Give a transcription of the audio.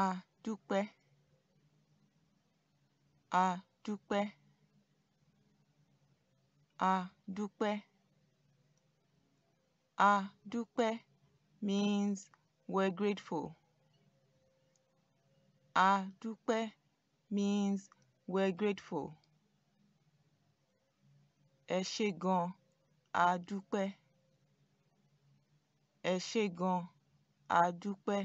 a dúpẹ́ a dúpẹ́ a dúpẹ́ a dúpẹ́ means we're grateful a dúpẹ́ means we're grateful ẹ ṣé gan a dúpẹ́ ẹ ṣé gan a dúpẹ́.